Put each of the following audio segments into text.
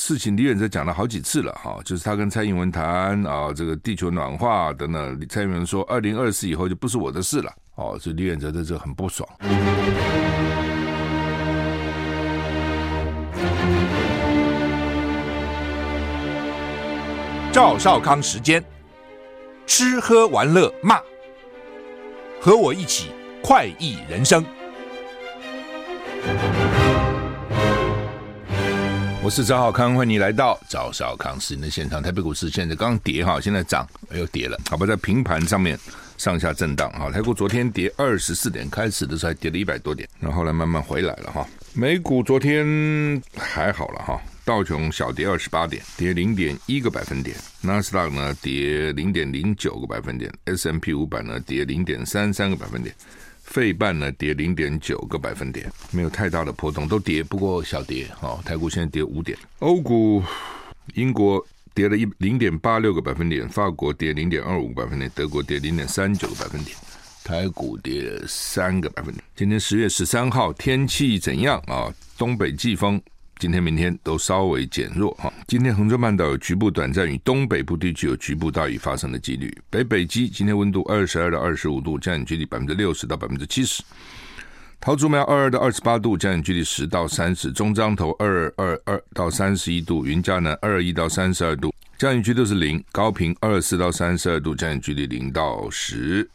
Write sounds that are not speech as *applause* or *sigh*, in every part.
事情李遠哲講了好幾次了，哈、哦，就是他跟蔡英文談啊、哦，這個地球暖化等等，蔡英文說二零二四以後就不是我的事了，哦，所以李遠哲在這很不爽。趙少康時間，吃喝玩樂罵，和我一起快意人生。是趙少康，歡迎你來到趙少康時間的現場。台北股市現在剛跌哈，現在漲，又、哎、跌了，好吧，在平盤上面上下震盪。好、哦，台股昨天跌二十四點，開始的時候還跌了一百多點，然後來慢慢回來了哈、哦。美股昨天還好了哈、哦，道瓊小跌二十八點，跌零點一個百分點；納斯達克呢跌零點零九個百分點；S&P 五百呢跌零點三三個百分點。S 費半呢，跌零點九個百分點，沒有太大的波動，都跌不過小跌哈、哦。台股現在跌五點，歐股英國跌了一零點八六個百分點，法國跌零點二五個百分點，德國跌零點三九個百分點，台股跌三個百分點。今天十月十三號天氣怎樣啊、哦？東北季風。今天、明天都稍微減弱哈。今天恆春半島有局部短暫雨，東北部地區有局部大雨發生的幾率。北北基今天溫度二十二到二十五度，降雨幾率百分之六十到百分之七十。桃竹苗二二到二十八度，降雨幾率十到三十。中彰投二二二到三十一度，雲嘉南二一到三十二度，降雨幾率都是零。高屏二四到三十二度，降雨幾率零到十。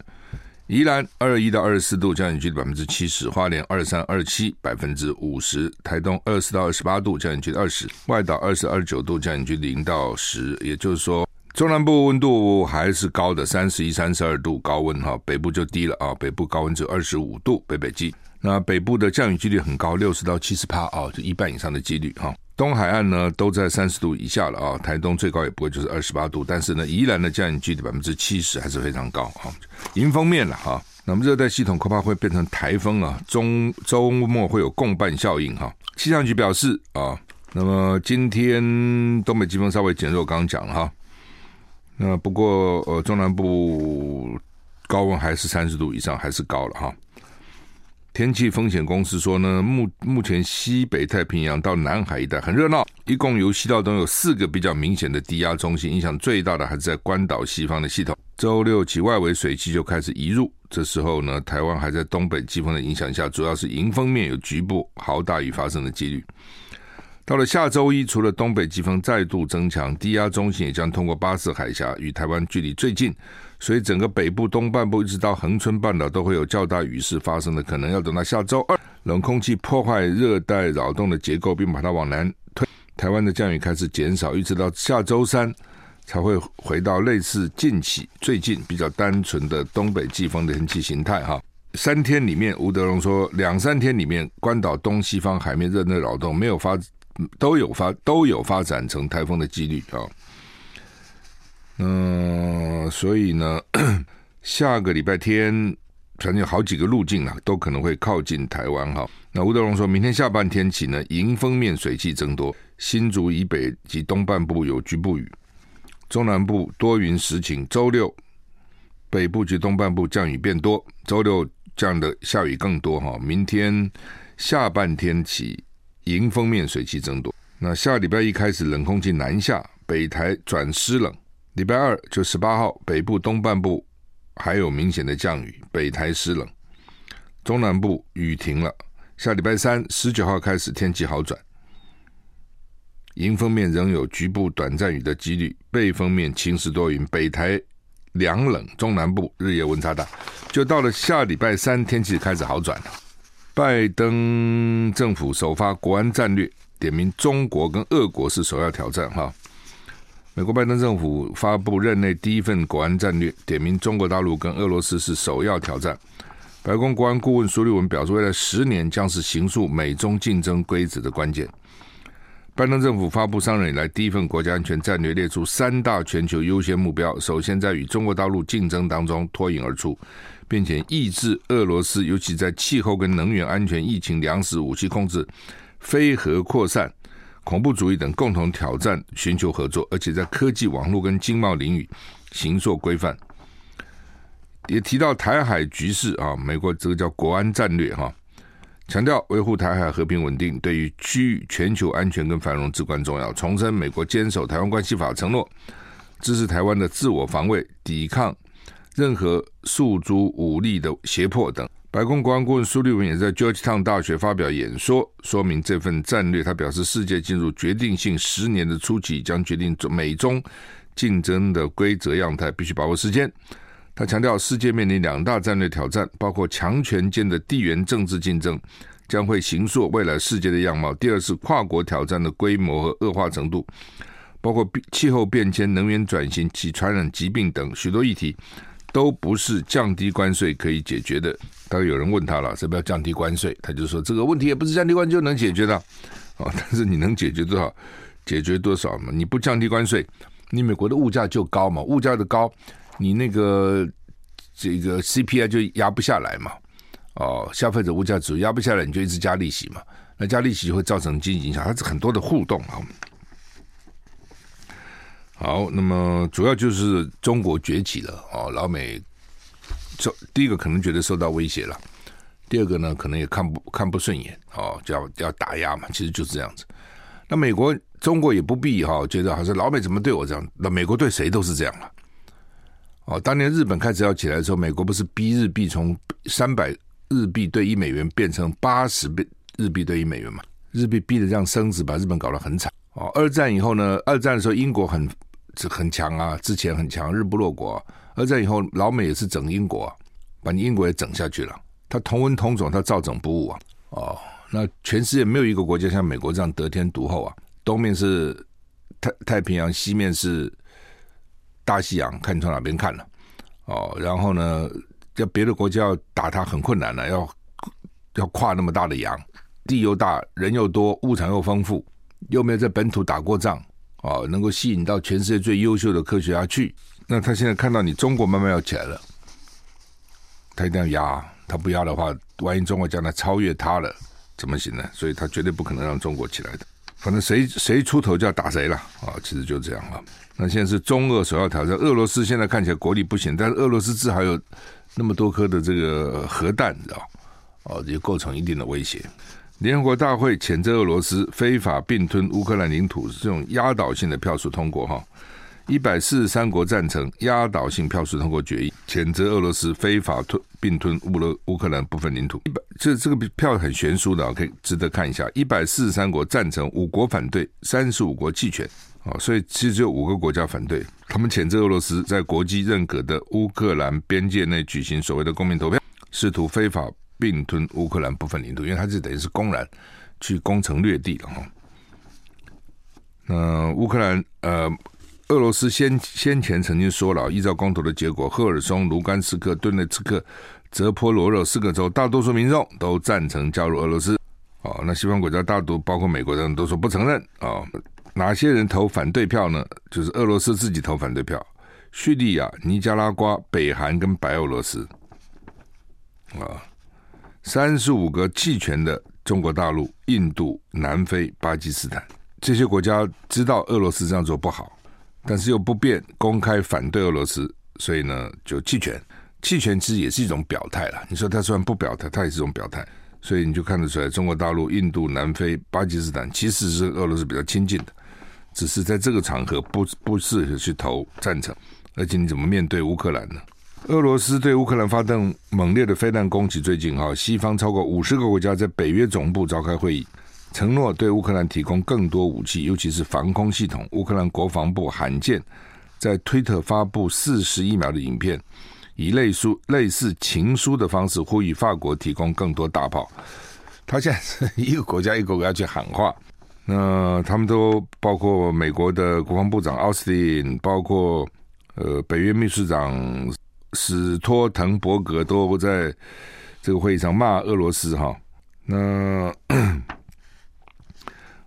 宜蘭二十一到二十四度，降雨機率百分之七十；花蓮二三二七，百分之五十；台東二十四到二十八度，降雨機率二十；外島二十二九度，降雨機率零到十。也就是說，中南部溫度還是高的，三十一、三十二度高溫哈；北部就低了啊，北部高溫只有二十五度，北北基。那北部的降雨幾率很高，六十到七十趴啊，就一半以上的幾率哈。東海岸呢，都在三十度以下了啊。台東最高也不會就是二十八度，但是呢，宜蘭的降雨距離百分之七十還是非常高啊、哦。迎風面了哈、哦，那麼熱帶系統恐怕會變成颱風啊。中周末會有共伴效應哈。氣象局、哦表示啊、哦，那麼今天東北季風稍微減弱，剛講了哈。那不過呃，中南部高溫還是三十度以上，還是高了哈。哦。天氣風險公司說呢，目目前西北太平洋到南海一帶很熱鬧，一共由西到東有四個比較明顯的低壓中心，影響最大的還是在關島西方的系統。週六起外圍水氣就開始移入，這時候呢，台灣還在東北季風的影響下，主要是迎風面有局部豪大雨發生的幾率。到了下週一，除了東北季風再度增強，低壓中心也將通過巴士海峽，與台灣距離最近。所以，整個北部東半部一直到恆春半島都會有較大雨勢發生的可能，要等到下周二，冷空氣破壞熱帶擾動的結構，並把它往南推，台灣的降雨開始減少，一直到下周三才會回到類似近期最近比較單純的東北季風的天氣形態。哈，三天裡面，吳德榮說，兩三天裡面，關島東西方海面熱帶擾動沒有發，都有發都有發展成颱風的幾率啊。嗯、呃，所以呢，下個禮拜天，全能有好幾個路徑啊，都可能會靠近台灣哈。那吳德榮說，明天下半天起呢，迎風面水氣增多，新竹以北及東半部有局部雨，中南部多雲時晴。週六，北部及東半部降雨變多，週六降的下雨更多哈。明天下半天起，迎風面水氣增多。那下禮拜一開始，冷空氣南下，北台轉濕冷。禮拜二就十八號，北部東半部還有明顯的降雨，北台濕冷；中南部雨停了。下禮拜三十九號開始天氣好轉，迎風面仍有局部短暫雨的幾率，背風面晴時多雲，北台涼冷，中南部日夜溫差大。就到了下禮拜三天氣開始好轉。拜登政府首發國安戰略，點名中國跟俄國是首要挑戰哈。美國拜登政府發布任內第一份國安戰略，點名中國大陸跟俄羅斯是首要挑戰。白宮國安顧問蘇立文表示，未來十年將是形塑美中競爭規則的關鍵。拜登政府發布上任以來第一份國家安全戰略，列出三大全球優先目標：首先，在與中國大陸競爭當中脫穎而出，並且抑制俄羅斯，尤其在氣候、跟能源安全、疫情、糧食、武器控制、非核擴散。恐怖主義等共同挑戰，尋求合作，而且在科技、網絡跟經貿領域行作規範。也提到台海局勢啊，美國這個叫國安戰略哈，強調維護台海和平穩定對於區域、全球安全跟繁榮至關重要。重申美國堅守《台灣關係法》承諾，支持台灣的自我防衛，抵抗任何訴諸武力的脅迫等。白宮國安顧問蘇利文也在 Georgetown 大學發表演說，說明這份戰略。他表示，世界進入決定性十年的初期，將決定美中競爭的規則樣態，必須把握時間。他強調，世界面臨兩大戰略挑戰，包括強權間的地緣政治競爭將會形塑未來世界的樣貌；第二是跨國挑戰的規模和惡化程度，包括氣候變遷、能源轉型及傳染疾病等許多議題。都不是降低關稅可以解決的。當然有人問他了，要不要降低關稅，他就說這個問題也不是降低關稅就能解決的。哦，但是你能解決多少，解決多少嘛？你不降低關稅，你美國的物價就高嘛，物價的高，你那個這個 CPI 就壓不下來嘛。哦，消費者物價指數壓不下來，你就一直加利息嘛。那加利息會造成經濟影響，它是很多的互動啊。哦好，那麼主要就是中國崛起了哦，老美就第一個可能覺得受到威脅了，第二個呢，可能也看不看不順眼哦，就要要打壓嘛，其實就是這樣子。那美國中國也不必哈、哦，覺得好像老美怎麼對我這樣？那美國對誰都是這樣了、啊。哦，當年日本開始要起來的時候，美國不是逼日幣從三百日幣兌一美元變成八十日幣兌一美元嘛？日幣逼得這樣升值，把日本搞得很慘。哦，二戰以後呢，二戰的時候英國很。這很強啊，之前很強、啊，日不落國。二戰以後，老美也是整英國、啊，把你英國也整下去了。他同文同種，他照整不誤啊。哦，那全世界沒有一個國家像美國這樣得天獨厚啊。東面是太太平洋，西面是大西洋，看你從哪邊看了、啊。哦，然後呢，叫別的國家要打他很困難了、啊，要要跨那麼大的洋，地又大，人又多，物產又豐富，又沒有在本土打過仗。啊，能夠吸引到全世界最優秀的科學家去，那他現在看到你中國慢慢要起來了，他一定要壓，他不壓的話，萬一中國將來超越他了，怎麼行呢？所以他絕對不可能讓中國起來的。反正誰誰出頭就要打誰了啊！其實就這樣了。那現在是中俄首要挑戰，俄羅斯現在看起來國力不行，但是俄羅斯至少有那麼多顆的這個核彈，知道啊，也構成一定的威脅。聯合國大會譴責俄羅斯非法併吞烏克蘭領土，是這種壓倒性的票數通過哈，一百四十三國贊成，壓倒性票數通過決議，譴責俄羅斯非法吞併吞烏羅烏克蘭部分領土。一百，這這個票很懸殊的，可以值得看一下。一百四十三國贊成，五國反對，三十五國棄權，啊，所以其實只有五個國家反對。他們譴責俄羅斯在國際認可的烏克蘭邊界內舉行所謂的公民投票，試圖非法。併吞烏克蘭部分領土，因為他是等於是公然去攻城略地了哈。那、呃、烏克蘭呃，俄羅斯先先前曾經說了，依照公投的結果，赫爾松、盧甘斯克、頓涅茨克、澤波羅熱四個州，大多數民眾都贊成加入俄羅斯。哦，那西方國家大多包括美國人都說不承認啊、哦。哪些人投反對票呢？就是俄羅斯自己投反對票，敘利亞、尼加拉瓜、北韓跟白俄羅斯，啊、哦。三十五個棄權的中國大陸、印度、南非、巴基斯坦這些國家知道俄羅斯這樣做不好，但是又不便公開反對俄羅斯，所以呢，就棄權。棄權其實也是一種表態啦。你說他雖然不表態，他也是一種表態，所以你就看得出來，中國大陸、印度、南非、巴基斯坦其實是俄羅斯比較親近的，只是在這個場合不不適合去投贊成，而且你怎麼面對烏克蘭呢？俄羅斯對烏克蘭發動猛烈的飛彈攻擊，最近哈，西方超過五十個國家在北約總部召開會議，承諾對烏克蘭提供更多武器，尤其是防空系統。烏克蘭國防部罕見在推特發布四十一秒的影片，以類似類似情書的方式呼籲法國提供更多大炮。他現在是一個國家一個國家去喊話，那他們都包括美國的國防部長奧斯汀，包括呃北約秘書長。史托滕伯格都在這個會議上罵俄羅斯哈。那。那 *coughs*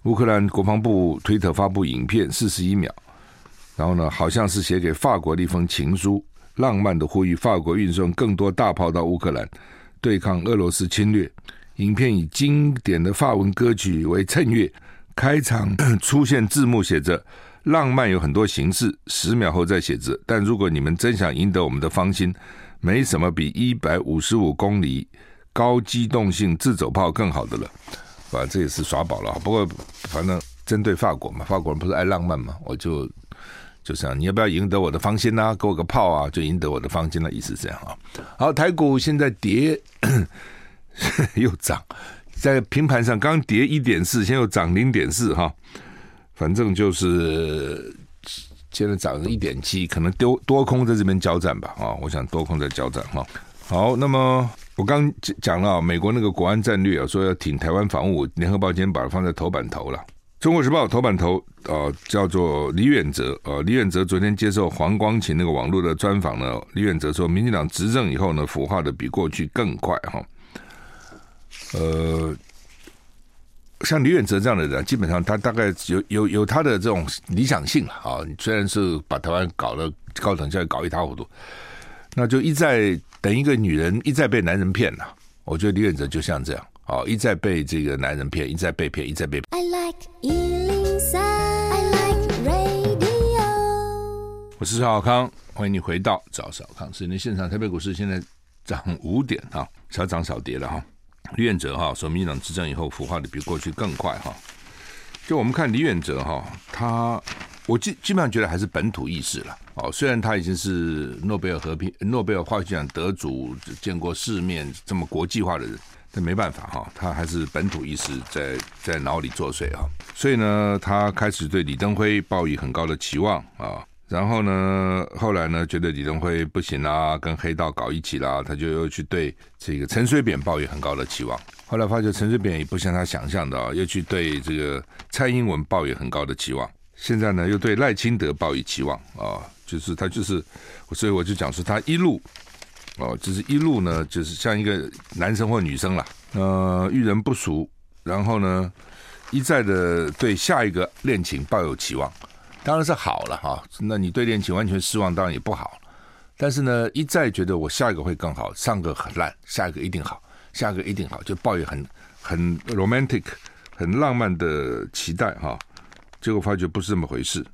烏克蘭國防部推特發布影片四十一秒，然後呢，好像是寫給法國的一封情書，浪漫的呼籲法國運送更多大炮到烏克蘭對抗俄羅斯侵略。影片以經典的法文歌曲為襯樂，開場 *coughs* 出現字幕寫着。浪漫有很多形式，十秒後再寫字。但如果你們真想贏得我們的芳心，沒什麼比一百五十五公里高機動性自走炮更好的了。反、啊、正，這也是耍寶了。不過，反正針對法國嘛，法國人不是愛浪漫嘛，我就就想，你要不要贏得我的芳心啊，給我個炮啊，就贏得我的芳心了，意思是這樣啊。好，台股現在跌 *coughs* 又漲，在平盤上剛跌一點四，現在又漲零點四哈。反正就是現在漲了一點七，可能丟多空在這邊交戰吧，啊、哦！我想多空在交戰哈、哦。好，那麼我剛講了美國那個國安戰略說要挺台灣防務。聯合報今天把它放在頭版頭了，《中國時報》頭版頭啊、呃，叫做李遠哲啊、呃。李遠哲昨天接受黃光芹那個網絡的專訪呢，李遠哲說，民進黨執政以後呢，腐化的比過去更快哈、哦。呃。像李遠哲這樣的人，基本上他大概有有有他的這種理想性了啊。雖然是把台灣搞得高等教育搞一塌糊塗，那就一再等一個女人一再被男人騙了、啊。我覺得李遠哲就像這樣啊，一再被這個男人騙，一再被騙，一再被騙。I like 103, I like radio. 我是趙少康，歡迎你回到趙少康。今天現場特別股市現在漲五點哈，小漲小跌了哈。李遠哲哈，說民進黨執政以後腐化的比過去更快哈。就我們看李遠哲哈，他我基基本上覺得還是本土意識了哦。雖然他已經是諾貝爾和平諾貝爾化學獎得主，見過世面這麼國際化的人，但沒辦法哈，他還是本土意識在在腦裡作祟啊。所以呢，他開始對李登輝抱以很高的期望啊。然後呢，後來呢，覺得李登輝不行啦，跟黑道搞一起啦，他就又去對這個陳水扁抱有很高的期望。後來發覺陳水扁也不像他想象的、哦，又去對這個蔡英文抱有很高的期望。現在呢，又對賴清德抱有期望啊、哦，就是他就是，所以我就講說，他一路哦，就是一路呢，就是像一個男生或女生啦，呃，遇人不淑，然後呢，一再的對下一個戀情抱有期望。當然是好了哈，那你對戀情完全失望，當然也不好。但是呢，一再覺得我下一個會更好，上個很爛，下一個一定好，下一個一定好，就抱有很很 romantic、很浪漫的期待哈。結果發覺不是這麼回事，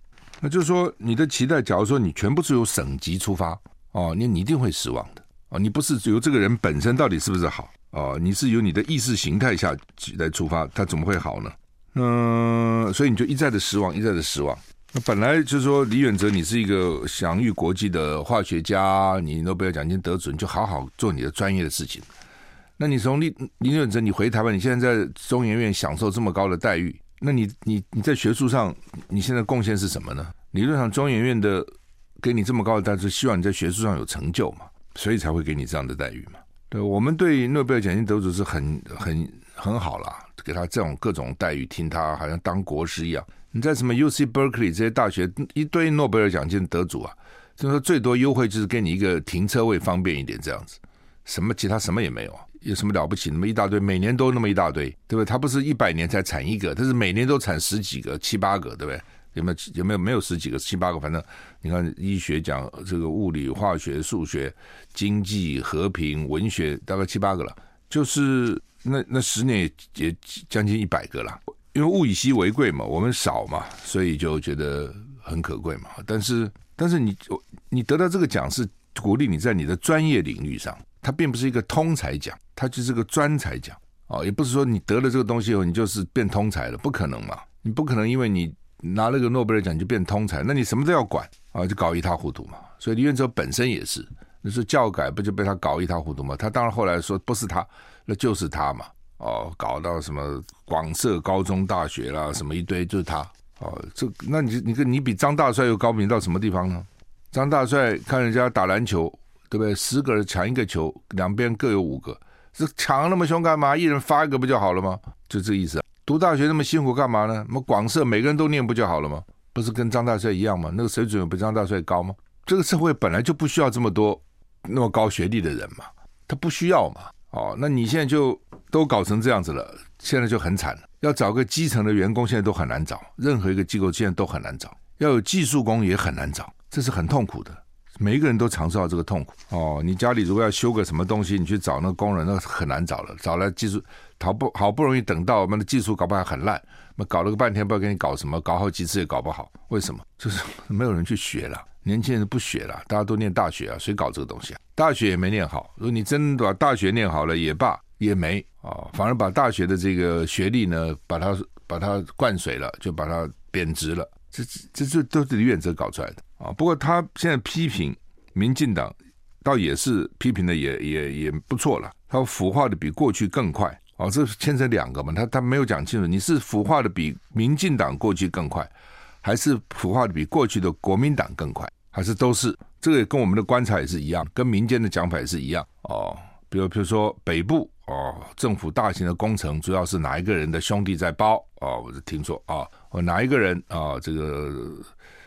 那就是說你的期待，假如說你全部是由省籍出發哦，那你，你一定會失望的哦。你不是由這個人本身到底是不是好哦，你是由你的意識形態下來出發，他怎麼會好呢？嗯，所以你就一再的失望，一再的失望。那本來就是說，李遠哲，你是一個享譽國際的化學家，你諾貝爾獎金得主，你就好好做你的專業的事情。那你從李李遠哲，你回台灣，你現在在中研院享受這麼高的待遇，那你你你在學術上你現在貢獻是什麼呢？理論上，中研院的給你這麼高的待遇，希望你在學術上有成就嘛，所以才會給你這樣的待遇嘛。對，我們對於諾貝爾獎金得主是很很很好啦，給他這種各種待遇，聽他好像當國師一樣。你在什麼 U C Berkeley 這些大學一堆諾貝爾獎金得主啊？就是說最多優惠就是給你一個停車位方便一點這樣子，什麼其他什麼也沒有、啊，有什麼了不起？那麼一大堆，每年都那麼一大堆，對不對？它不是一百年才產一個，但是每年都產十幾個、七八個，對不對？有沒有有沒有沒有十幾個、七八個？反正你看，醫學獎、這個物理、化學、數學、經濟、和平、文學，大概七八個了，就是那那十年也也將近一百個了。因為物以稀為貴嘛，我們少嘛，所以就覺得很可貴嘛。但是，但是你，你得到這個獎是鼓勵你在你的專業領域上，它並不是一個通才獎，它就是一個專才獎。啊，也不是說你得了這個東西以後你就是變通才了，不可能嘛。你不可能因為你拿了個諾貝爾獎就變通才，那你什麼都要管啊，就搞一塌糊塗嘛。所以李遠哲本身也是，那說教改不就被他搞一塌糊塗嘛？他當然後來說不是他，那就是他嘛。哦，搞到什麼廣設高中大學啦，什麼一堆就是他哦。這，那你你你比張大帥又高明到什麼地方呢？張大帥看人家打籃球，對不對？十個人搶一個球，兩邊各有五個，這搶那麼凶幹嘛？一人發一個不就好了嗎？就這意思啊。讀大學那麼辛苦幹嘛呢？那麼廣設每個人都念不就好了嗎？不是跟張大帥一樣嗎？那個水準比張大帥高嗎？這個社會本來就不需要這麼多那麼高學歷的人嘛，他不需要嘛。哦，那你現在就都搞成這樣子了，現在就很慘了。要找個基層的員工，現在都很難找；任何一個機構現在都很難找。要有技術工也很難找，這是很痛苦的。每一個人都嘗試到這個痛苦。哦，你家裡如果要修個什麼東西，你去找那個工人，那很難找了。找來技術，討不好不容易等到我們的技術搞不好很爛，那搞了個半天不知道給你搞什麼，搞好幾次也搞不好。為什麼？就是沒有人去學了。年輕人不學了，大家都念大學啊，誰搞這個東西啊？大學也沒念好。如果你真的把大學念好了也罷，也沒啊、哦，反而把大學的這個學歷呢，把它把它灌水了，就把它貶值了。這這這都是李遠哲搞出來的啊、哦。不過他現在批評民進黨，倒也是批評的也也也不錯了。他腐化的比過去更快啊、哦，這牽扯兩個嘛，他他沒有講清楚，你是腐化的比民進黨過去更快，還是腐化的比過去的國民黨更快？還是都是這個，也跟我們的觀察也是一樣，跟民間的講法也是一樣哦、呃。比如，比如說北部哦、呃，政府大型的工程，主要是哪一個人的兄弟在包啊、呃？我就聽說啊，呃、哪一個人啊、呃，這個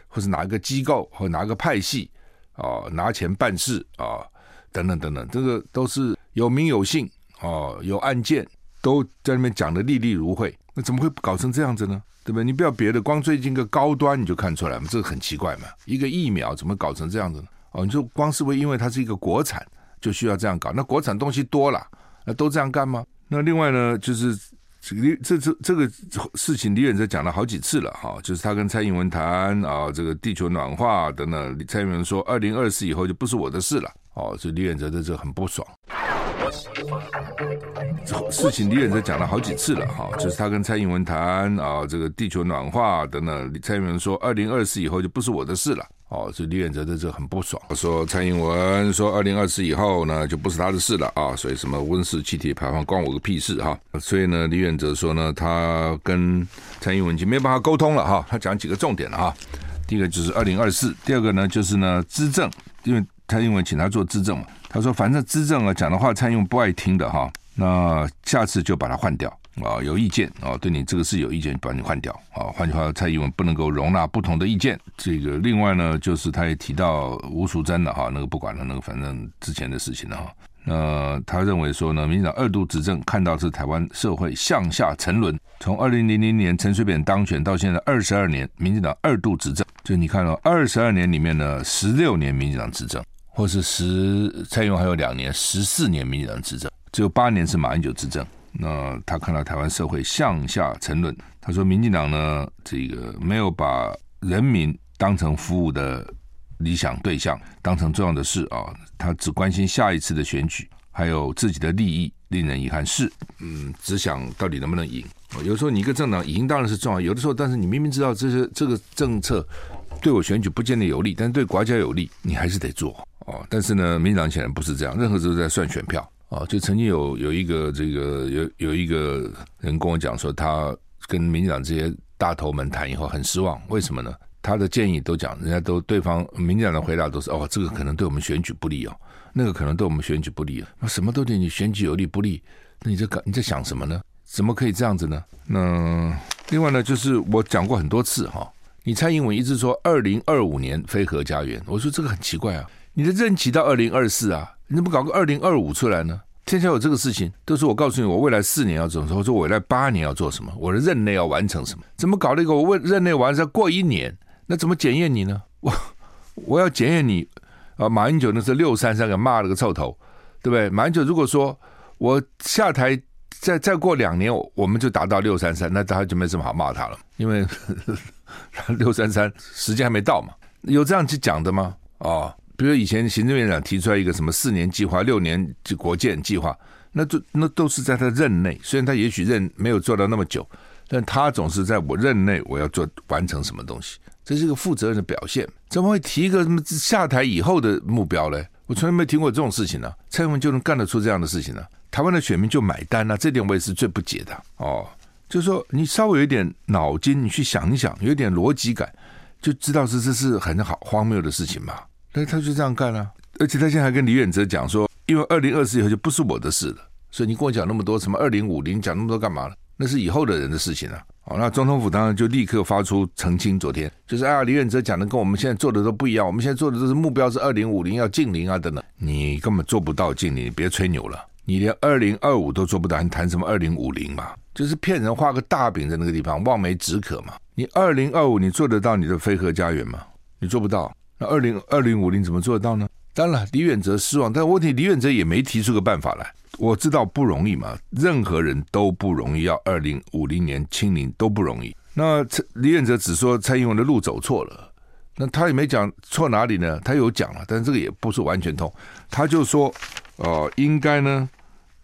或是哪一個機構或哪個派系啊、呃，拿錢辦事啊、呃，等等等等，這個都是有名有姓啊、呃，有案件都在裡面講得歷歷如繪，那怎麼會搞成這樣子呢？對不對？你不要別的，光最近個高端你就看出來嘛，這個很奇怪嘛。一個疫苗怎麼搞成這樣子呢？哦，你說光是不是因為它是一個國產，就需要這樣搞？那國產東西多了，那都這樣幹嗎？那另外呢，就是這這個、這個事情，李遠哲講了好幾次了哈、哦，就是他跟蔡英文談啊、哦，這個地球暖化等等，蔡英文說二零二四以後就不是我的事了，哦，所以李遠哲在這很不爽。事情李遠哲講了好幾次了哈，就是他跟蔡英文談啊，這個地球暖化等等。蔡英文說二零二四以後就不是我的事了哦，所以李遠哲在這很不爽。他說蔡英文說二零二四以後呢就不是他的事了啊，所以什麼溫室氣體排放關我個屁事哈。所以呢，李遠哲說呢，他跟蔡英文已經沒辦法溝通了哈。他講幾個重點了哈，第一個就是二零二四，第二個呢就是呢資政，因為。蔡英文請他做資政嘛？他說：“反正資政啊，講的話蔡英文不愛聽的哈。那下次就把他換掉啊，有意見啊，對你這個是有意見，把你換掉啊。換句話說，蔡英文不能夠容納不同的意見。這個另外呢，就是他也提到吳淑珍了哈，那個不管了，那個反正之前的事情了哈。那他認為說呢，民進黨二度執政，看到是台灣社會向下沉淪。從二零零零年陳水扁當選到現在二十二年，民進黨二度執政，就你看到二十二年裡面呢，十六年民進黨執政。”或是十蔡英文，還有兩年，十四年民進黨執政，只有八年是馬英九執政。那他看到台灣社會向下沉淪，他說民進黨呢，這個沒有把人民當成服務的理想對象，當成重要的事啊，他只關心下一次的選舉，還有自己的利益，令人遺憾是，嗯，只想到底能不能贏。有時候你一個政黨贏當然是重要，有的時候，但是你明明知道這些這個政策對我選舉不見得有利，但是對國家有利，你還是得做。哦，但是呢，民進黨顯然不是這樣。任何時候在算選票啊，哦，就曾經有有一個這個有有一個人跟我講說，他跟民進黨這些大頭們談以後很失望。為什麼呢？他的建議都講，人家都對方民進黨的回答都是哦，這個可能對我們選舉不利哦，那個可能對我們選舉不利啊。那什麼都對你選舉有利不利？那你在幹你在想什麼呢？怎麼可以這樣子呢？那另外呢，就是我講過很多次哈，哦，你蔡英文一直說二零二五年非核家園，我說這個很奇怪啊。你的任期到二零二四啊，你怎麼搞個二零二五出來呢？天下有這個事情？都是我告訴你，我未來四年要做什麼，我說我未來八年要做什麼，我的任內要完成什麼？怎麼搞了一個我任任內完成過一年，那怎麼檢驗你呢？我我要檢驗你啊！馬英九那是六三三給罵了個臭頭，對不對？馬英九如果說我下台再再過兩年，我們就達到六三三，那他就沒什麼好罵他了，因為六三三時間還沒到嘛。有這樣去講的嗎？啊、哦？比如以前行政院長提出來一個什麼四年計劃、六年國建計劃，那都那都是在他任內。雖然他也許任沒有做到那麼久，但他總是在我任內，我要做完成什麼東西，這是一個負責任的表現。怎麼會提一個什麼下台以後的目標呢？我從來沒聽過這種事情呢、啊。蔡英文就能幹得出這樣的事情呢、啊？台灣的選民就買單呢、啊？這點我也是最不解的。哦，就是說你稍微有點腦筋，你去想一想，有點邏輯感，就知道是這是很好荒謬的事情嘛。那他就這樣幹了，而且他現在還跟李遠哲講說，因為二零二四以後就不是我的事了，所以你跟我講那麼多什麼二零五零，講那麼多幹嘛了？那是以後的人的事情了、啊。好，那總統府當然就立刻發出澄清，昨天就是啊，李遠哲講的跟我們現在做的都不一樣，我們現在做的都是目標是二零五零要淨零啊等等，你根本做不到淨零，你別吹牛了，你連二零二五都做不到，你談什麼二零五零嘛？就是騙人畫個大餅在那個地方，望梅止渴嘛。你二零二五你做得到你的非核家園嗎？你做不到。那二零二零五零怎麼做得到呢？當然了，李遠哲失望，但問題李遠哲也沒提出個辦法來。我知道不容易嘛，任何人都不容易，要二零五零年清零都不容易。那李遠哲只說蔡英文的路走錯了，那他也沒講錯哪裡呢？他有講了，但這個也不是完全通。他就說，呃，應該呢，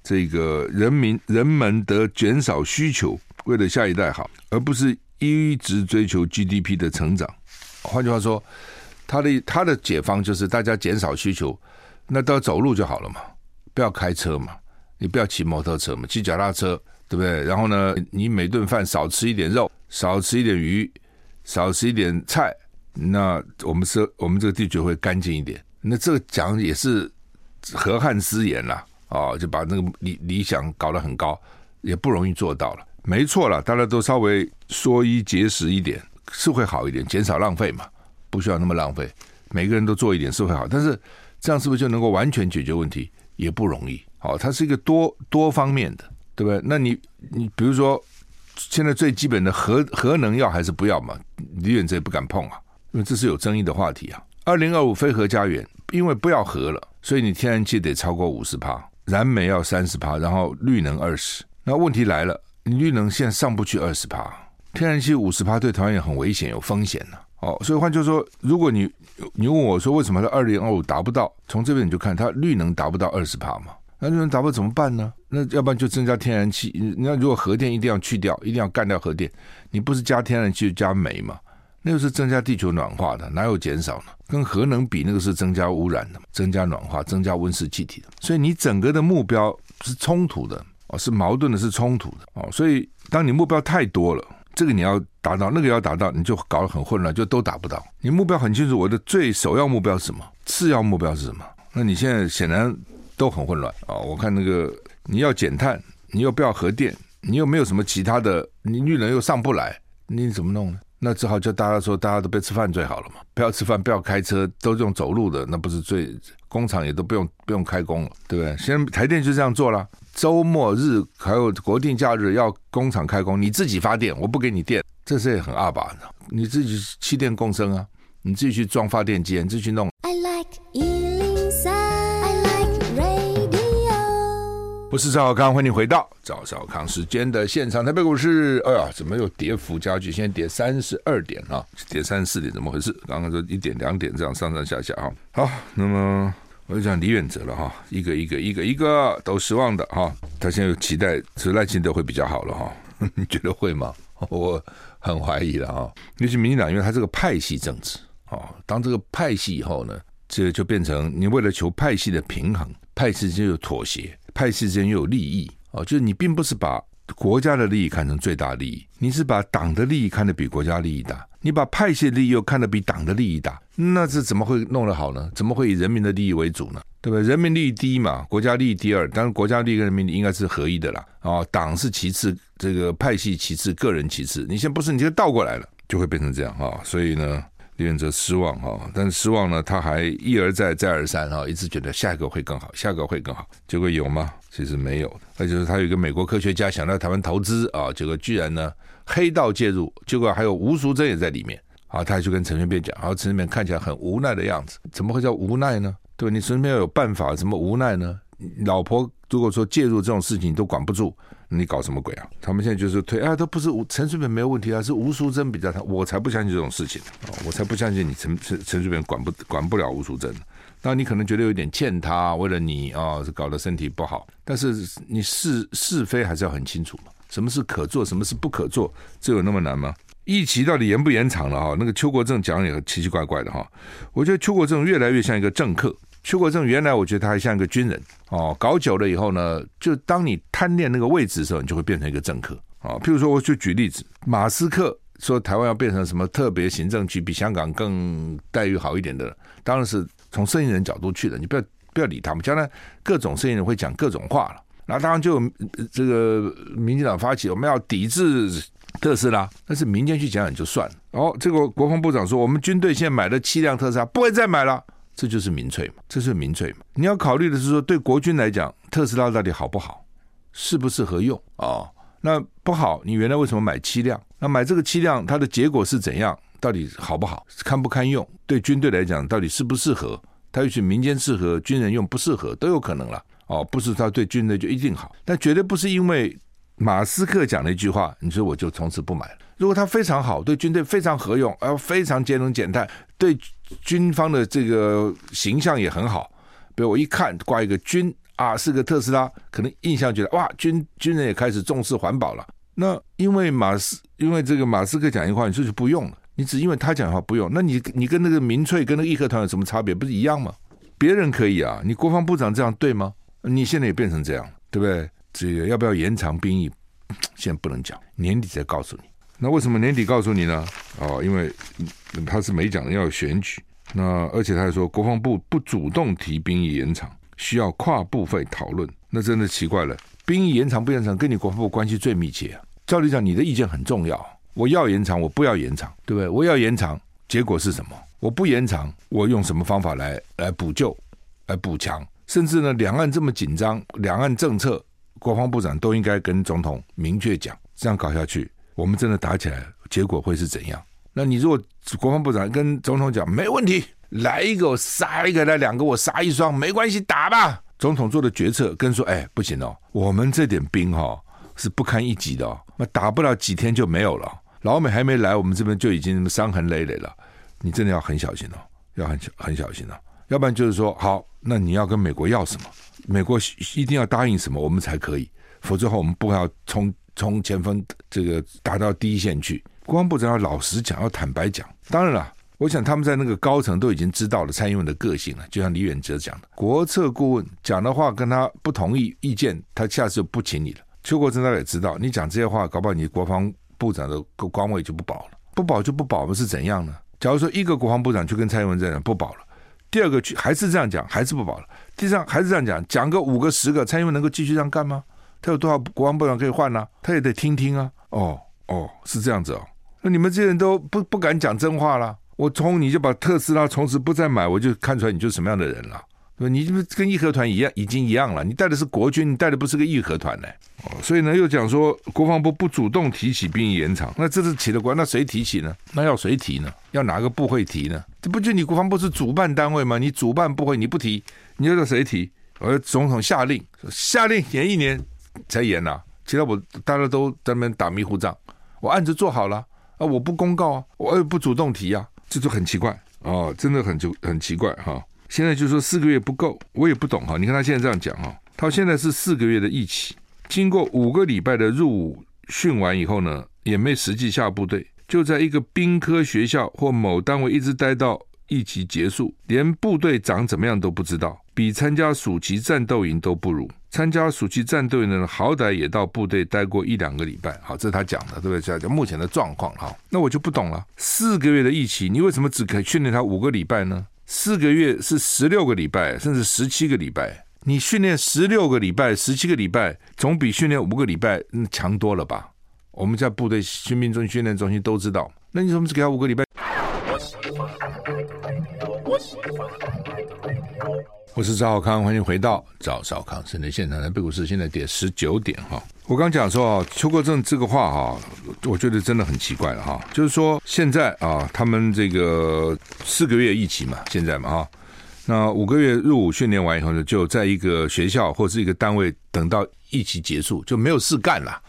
這個人民人們得減少需求，為了下一代好，而不是一直追求 GDP 的成長。換句話說。他的他的解方就是大家減少需求，那都要走路就好了嘛，不要開車嘛，你不要騎摩托車嘛，騎腳踏車，對不對？然後呢，你每頓飯少吃一點肉，少吃一點魚，少吃一點菜，那我們這我們這個地球會乾淨一點。那這個講也是河漢之言啦，啊、哦，就把那個理理想搞得很高，也不容易做到了，沒錯啦。大家都稍微縮衣節食一點，是會好一點，減少浪費嘛。不需要那麼浪費，每個人都做一點是會好，但是這樣是不是就能夠完全解決問題？也不容易。好，它是一個多多方面的，對不對？那你你比如說，現在最基本的核核能要還是不要嘛？李遠哲也不敢碰啊，因為這是有爭議的話題啊。二零二五非核家園，因為不要核了，所以你天然氣得超過五十趴，燃煤要三十趴，然後綠能二十。那問題來了，你綠能現在上不去二十趴，天然氣五十趴對台灣也很危險，有風險呢、啊。哦，所以換句話說，如果你你問我說為什麼它二零二五達不到？從這邊你就看，它綠能達不到二十趴嘛？那綠能達不到怎麼辦呢？那要不然就增加天然氣？你你要如果核電一定要去掉，一定要幹掉核電，你不是加天然氣加煤嘛？那個是增加地球暖化的，哪有減少呢？跟核能比，那個是增加污染的，增加暖化，增加溫室氣體的。所以你整個的目標是衝突的哦，是矛盾的，是衝突的哦。所以當你目標太多了。這個你要達到，那個要達到，你就搞得很混亂，就都達不到。你目標很清楚，我的最首要目標是什麼？次要目標是什麼？那你現在顯然都很混亂啊、哦！我看那個你要減碳，你又不要核電，你又沒有什麼其他的，你綠能又上不來，你怎麼弄呢？那只好叫大家說，大家都別吃飯最好了嘛，不要吃飯，不要開車，都用走路的，那不是最工廠也都不用不用開工了，對不對？現在台電就這樣做了，周末日還有國定假日要工廠開工，你自己發電，我不給你電，這事也很二吧？你自己汽電共生啊，你自己去裝發電機，你自己去弄。我是趙小康，歡迎回到趙小康時間的現場。台北股市，哎呀，怎麼又跌幅加劇？現在跌三十二點啊，跌三十四點，怎麼回事？剛剛說一點兩點這樣上上下下哈、啊。好，那麼我就講李遠哲了哈、啊，一個一個一個一個，一個都失望的哈、啊。他現在有期待，只賴清德會比較好了哈、啊？你覺得會嗎？我很懷疑了哈、啊。尤其民進黨，因為他這個派系政治啊、哦，當這個派系以後呢，這個、就變成你為了求派系的平衡，派系就有妥協。派系之間又有利益哦，就是你並不是把國家的利益看成最大利益，你是把黨的利益看得比國家利益大，你把派系利益又看得比黨的利益大，那是怎麼會弄得好呢？怎麼會以人民的利益為主呢？對不對？人民利益第一嘛，國家利益第二，當然國家利益跟人民利益應該是合一的啦。啊，黨是其次，這個派系其次，個人其次。你先不是，你就倒過來了，就會變成這樣哈。所以呢。原則失望哈、哦，但是失望呢，他還一而再再而三哈、哦，一直覺得下一個會更好，下一個會更好，結果有嗎？其實沒有。那就是他有一個美國科學家想到台灣投資啊，結果居然呢黑道介入，結果還有吳淑珍也在裡面啊，他還去跟陳水扁講，然後陳水扁看起來很無奈的樣子，怎麼會叫無奈呢？對吧？你陳水扁有辦法，怎麼無奈呢？老婆如果說介入這種事情你都管不住。你搞什麼鬼啊？他們現在就是推啊、哎，都不是陳水扁沒有問題啊，是吳淑珍比較他，我才不相信這種事情，哦、我才不相信你陳陳陳水扁管不管不了吳淑珍。那你可能覺得有點欠他，為了你啊，哦、搞得身體不好。但是你是是非還是要很清楚嘛，什麼是可做，什麼是不可做，這有那麼難嗎？疫情到底延不延長了啊？那個邱國正講也奇奇怪怪的哈，我覺得邱國正越來越像一個政客。邱國正原來我覺得他還像一個軍人哦，搞久了以後呢，就當你貪戀那個位置的時候，你就會變成一個政客啊、哦。譬如說，我就舉例子，馬斯克說台灣要變成什麼特別行政區，比香港更待遇好一點的，當然是從生意人角度去的，你不要不要理他們。將來各種生意人會講各種話了。那當然就這個民進黨發起我們要抵制特斯拉，但是民間去講講就算了。哦，這個國防部長說，我們軍隊現在買了七輛特斯拉，不會再買了。這就是民粹嘛，這是民粹嘛。你要考慮的是說，對國軍來講，特斯拉到底好不好，適不適合用啊？哦？那不好，你原來為什麼買七輛？那買這個七輛，它的結果是怎樣？到底好不好，堪不堪用？對軍隊來講，到底適不適合？它也許民間適合，軍人用不適合，都有可能了。哦，不是它對軍隊就一定好，但絕對不是因為馬斯克講了一句話，你說我就從此不買了。如果它非常好，對軍隊非常合用，而非常節能減碳。對軍方的這個形象，也很好，比如我一看掛一個軍啊，是個特斯拉，可能印象覺得哇，軍、軍人也開始重視環保了。那因為馬斯，因為這個馬斯克講一句話，你說就不用了，你只因為他講話不用，那你你跟那個民粹跟那個義和團有什麼差別？不是一樣嗎？別人可以啊，你國防部長這樣對嗎？你現在也變成這樣，對不對？這個要不要延長兵役？現在不能講，年底再告訴你。那為什麼年底告訴你呢？哦，因為。他是沒講的，要有選舉，那而且他還說國防部不主動提兵役延長，需要跨部會討論，那真的奇怪了。兵役延長不延長，跟你國防部關係最密切啊。照理講，你的意見很重要。我要延長，我不要延長，對不對？我要延長，結果是什麼？我不延長，我用什麼方法來來補救、來補強？甚至呢，兩岸這麼緊張，兩岸政策，國防部長都應該跟總統明確講。這樣搞下去，我們真的打起來，結果會是怎樣？那你如果國防部長跟總統講，沒問題，來一個我殺一個，來兩個我殺一雙，沒關係，打吧。總統做的決策跟說，哎，不行哦，我們這點兵哈、哦、是不堪一擊的、哦，那打不了幾天就沒有了。老美還沒來，我們這邊就已經傷痕累累了，你真的要很小心哦，要很很小心哦、啊，要不然就是說，好，那你要跟美國要什麼，美國一定要答應什麼，我們才可以，否則的話，我們不要從從前鋒這個打到第一線去。國防部長要老實講，要坦白講。當然啦，我想他們在那個高層都已經知道了蔡英文的個性了。就像李遠哲講的，國策顧問講的話跟他不同意意見，他下次就不請你了。邱國正他也知道，你講這些話，搞不好你國防部長的官位就不保了。不保就不保，是怎樣呢？假如說一個國防部長去跟蔡英文這樣，不保了，第二個去還是這樣講，還是不保了。第三還是這樣講，講個五個十個，蔡英文能夠繼續這樣幹嗎？他有多少國防部長可以換呢啊？他也得聽聽啊。哦哦，是這樣子哦。那你們這些人都不不敢講真話啦。我從你就把特斯拉從此不再買，我就看出來你就是什麼樣的人了。你跟義和團一樣，已經一樣了。你帶的是國軍，你帶的不是個義和團、欸、哦，所以呢，又講說國防部不主動提起並延長，那這是奇了怪，那誰提起呢？那要誰提呢？要哪個部會提呢？這不就你國防部是主辦單位嗎？你主辦部會你不提，你要叫誰提？而總統下令，說下令延一年才延吶、啊。其他我大家都在那邊打迷糊仗，我案子做好了。啊，我不公告啊，我也不主動提啊，這就很奇怪哦，真的很就很奇怪哈。現在就說四個月不夠，我也不懂哈。你看他現在這樣講啊，他現在是四個月的役期，經過五個禮拜的入伍訓完以後呢，也沒實際下部隊，就在一個兵科學校或某單位一直待到役期結束，連部隊長怎麼樣都不知道，比參加暑期戰鬥營都不如。參加暑期戰隊呢，好歹也到部隊待過一兩個禮拜，好，這是他講的，對不對？講目前的狀況哈，那我就不懂了。四個月的役期，你為什麼只可以訓練他五個禮拜呢？四個月是十六個禮拜，甚至十七個禮拜，你訓練十六個禮拜、十七個禮拜，總比訓練五個禮拜強多了吧？我們在部隊新兵訓練中心都知道，那你怎麼只給他五個禮拜？我是趙少康，歡迎回到趙少康現。現在現場的貝古市現在點十九點哈、哦。我剛講說啊，邱國正這個話哈、哦，我覺得真的很奇怪了哈、哦。就是說現在啊、哦，他們這個四個月一期嘛，現在嘛哈、哦，那五個月入伍訓練完以後呢，就在一個學校或是一個單位，等到一期結束就沒有事幹了，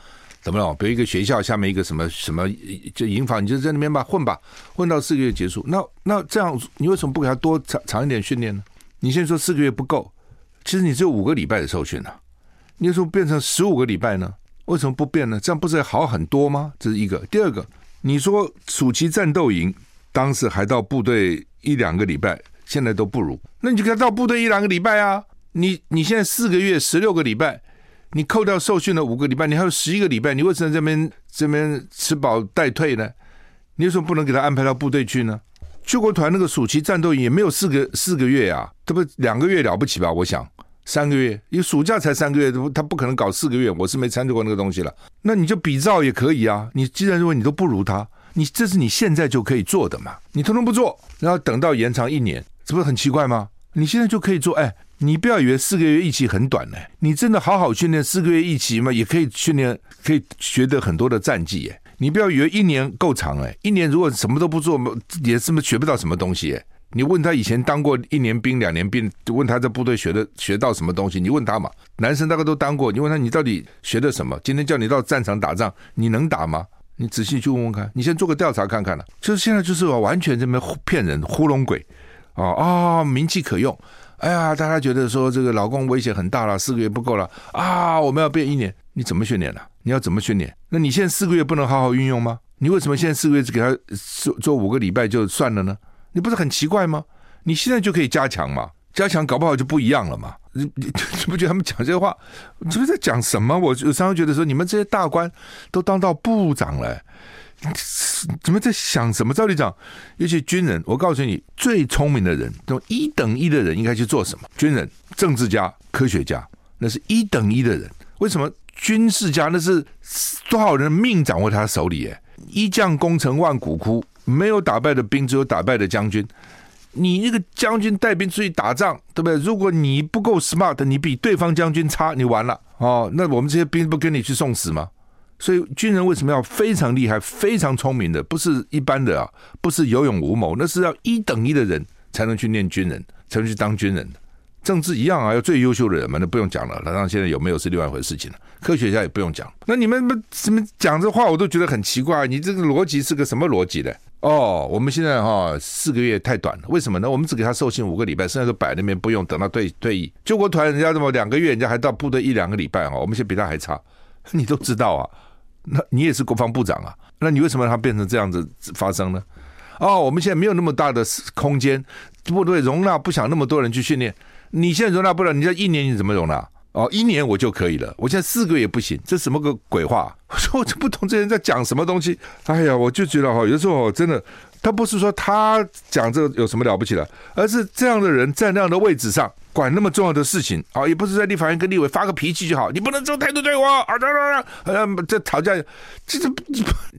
懂不懂？比如一個學校下面一個什麼什麼就營房，你就在那邊吧混吧，混到四個月結束。那那這樣，你為什麼不給他多長長一點訓練呢？你先說四個月不夠，其實你只有五個禮拜的受訓了、啊、你說變成十五個禮拜呢？為什麼不變呢？這樣不是好很多嗎？這是一個。第二個，你說暑期戰鬥營當時還到部隊一兩個禮拜，現在都不如。那你就給他到部隊一兩個禮拜啊！你你現在四個月十六個禮拜，你扣掉受訓的五個禮拜，你還有十一個禮拜，你為什麼這邊這邊吃飽待退呢？你為什麼不能給他安排到部隊去呢？救國團那個暑期戰鬥營也沒有四個四個月啊，這不兩個月了不起吧？我想三個月，因為暑假才三個月，他不可能搞四個月。我是沒參與過那個東西了。那你就比照也可以啊。你既然認為你都不如他，你這是你現在就可以做的嘛。你通通不做，然後等到延長一年，這不是很奇怪嗎？你現在就可以做。哎，你不要以為四個月一期很短呢，欸。你真的好好訓練四個月一期嘛，也可以訓練，可以學得很多的戰績耶，欸。你不要以為一年夠長哎，一年如果什麼都不做，也是學不到什麼東西、哎。你問他以前當過一年兵、兩年兵，問他在部隊學的學到什麼東西？你問他嘛，男生大概都當過，你問他你到底學的什麼？今天叫你到戰場打仗，你能打嗎？你仔細去問問看，你先做個調查看看了、啊。就是現在就是完全這麼騙人、糊弄鬼，啊、哦、啊，名氣可用。哎呀，大家覺得說這個老公危險很大了，四個月不夠了啊，我們要變一年。你怎麼訓練呢、啊？你要怎麼訓練？那你現在四個月不能好好運用嗎？你為什麼現在四個月只給他做做五個禮拜就算了呢？你不是很奇怪嗎？你現在就可以加強嘛，加強搞不好就不一樣了嘛。你你，你，你，你不覺得他們講這些話，這是在講什麼？我就常常覺得說，你們這些大官都當到部長了、欸，怎麼在想什麼？照理講，尤其軍人，我告訴你，最聰明的人，那種一等一的人，應該去做什麼？軍人、政治家、科學家，那是一等一的人，為什麼？軍事家那是多少人的命掌握在他手裡？耶，一將功成萬骨枯，沒有打敗的兵，只有打敗的將軍。你那個將軍帶兵出去打仗，對不對？如果你不夠 smart，你比對方將軍差，你完了哦。那我們這些兵不跟你去送死嗎？所以軍人為什麼要非常厲害、非常聰明的？不是一般的啊，不是有勇無謀，那是要一等一的人才能去念軍人，才能去當軍人。政治一樣啊，要最優秀的人嘛，那不用講了。打仗現在有沒有是另外一回事情、啊、了。科學家也不用講。那你們怎麼講這話，我都覺得很奇怪。你這個邏輯是個什麼邏輯呢？哦，我們現在哈、哦、四個月太短了，為什麼呢？我們只給他受訓五個禮拜，剩下的擺那邊不用，等到退退役。救國團人家怎麼兩個月，人家還到部隊一兩個禮拜啊、哦？我們現在比他還差，你都知道啊？那你也是國防部長啊？那你為什麼讓他變成這樣子發生呢？哦，我們現在沒有那麼大的空間，部隊容納不想那麼多人去訓練。你現在容納不了，你這一年你怎麼容納？哦，一年我就可以了。我現在四個月也不行，這什麼個鬼話？我說我就不懂這人在講什麼東西。哎呀，我就覺得哈、哦，有的時候真的，他不是說他講這個有什麼了不起的，而是這樣的人在那樣的位置上管那麼重要的事情，哦，也不是在立法院跟立委發個脾氣就好，你不能這種態度對我啊！啊啊啊！這吵架，這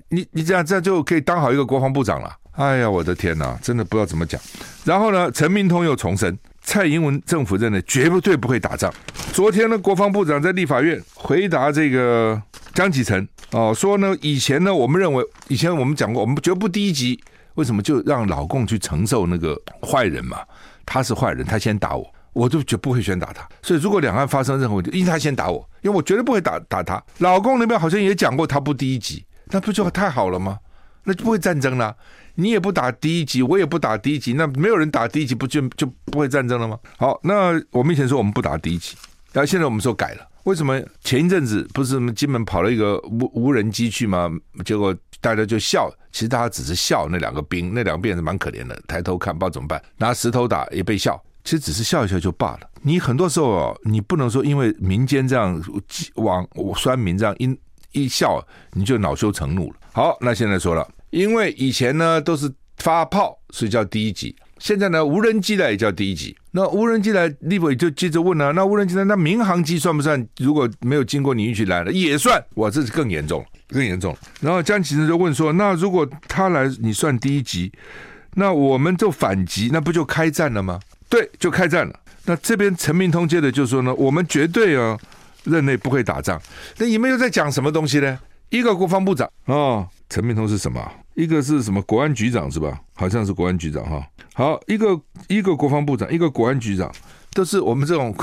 你你這樣這樣，就可以當好一個國防部長了。哎呀，我的天哪，真的不知道怎麼講。然後呢，陳明通又重申。蔡英文政府認為絕對不會打仗。昨天呢，國防部長在立法院回答這個江啟臣哦，說呢，以前呢，我們認為以前我們講過，我們絕不第一擊。為什麼就讓老共去承受那個壞人嘛？他是壞人，他先打我，我就絕不會先打他。所以如果兩岸發生任何問題，因為他先打我，因為我絕對不會打打他。老共那邊好像也講過，他不第一擊，那不就太好了嗎？那就不會戰爭了，啊。你也不打第一擊，我也不打第一擊，那沒有人打第一擊，不就就不會戰爭了嗎？好，那我們以前說我們不打第一擊，然後現在我們說改了。為什麼前一陣子不是金門跑了一個無無人機去嗎？結果大家就笑，其實大家只是笑那兩個兵，那兩個兵也是蠻可憐的，抬頭看，不知道怎麼辦，拿石頭打也被笑，其實只是笑一笑就罷了。你很多時候哦，你不能說因為民間這樣網，酸民這樣一一笑，你就惱羞成怒了。好，那現在說了。因為以前呢都是發炮，所以叫第一級。現在呢，無人機的也叫第一級。那無人機的，立委就接着問了、啊：那無人機的，那民航機算不算？如果沒有經過你允許來的，也算。哇，這是更嚴重，更嚴重。然後江啟臣就問說：那如果他來，你算第一級，那我們就反擊，那不就開戰了嗎？對，就開戰了。那這邊陳明通接著就說呢：我們絕對啊、哦，任內不會打仗。那你們又在講什麼東西呢？一個國防部長啊、哦，陳明通是什麼？一個是什麼國安局長是吧？好像是國安局長哈。好，一個一個國防部長，一個國安局長，都是我們這種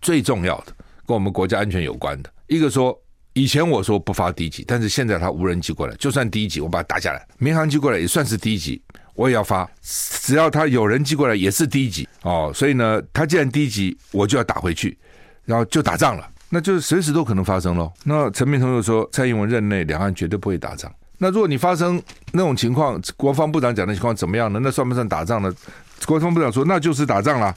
最重要的，跟我們國家安全有關的。一個說，以前我說不發第一擊，但是現在他無人機過來，就算第一擊，我把他打下來；民航機過來也算是第一擊，我也要發。只要他有人機過來，也是第一擊哦。所以呢，他既然第一擊，我就要打回去，然後就打仗了，那就是隨時都可能發生嘍。那陳明通說，蔡英文任內，兩岸絕對不會打仗。那如果你發生那種情況，國防部長講的情況怎麼樣呢？那算不算打仗呢？國防部長說那就是打仗啦。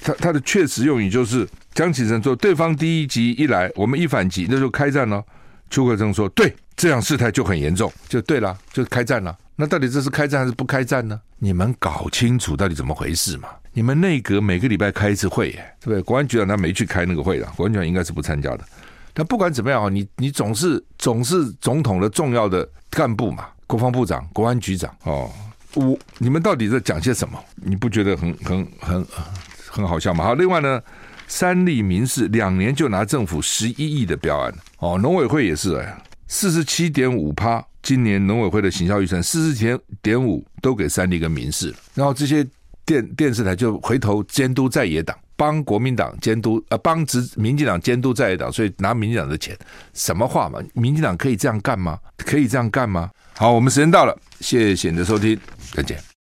他他的確實用語就是江啟臣說，對方第一擊一來，我們一反擊，那就開戰了。邱國正說對，這樣事態就很嚴重，就對了，就開戰了。那到底這是開戰還是不開戰呢？你們搞清楚到底怎麼回事嘛？你們內閣每個禮拜開一次會，對不對？國安局長他沒去開那個會的，國安局長應該是不參加的。但不管怎麼樣啊，你你總是總是總統的重要的幹部嘛，國防部長、國安局長哦，我你們到底在講些什麼？你不覺得很很很很好笑嗎？好，另外呢，三立民視兩年就拿政府十一億的標案哦，農委會也是哎，四十七點五趴，今年農委會的行銷預算四十七點五都給三立跟民視，然後這些電電視台就回頭監督在野黨。幫國民黨監督，呃，幫執民進黨監督在野黨，所以拿民進黨的錢，什麼話嘛？民進黨可以這樣幹嗎？可以這樣幹嗎？好，我們時間到了，謝謝你的收聽，再見。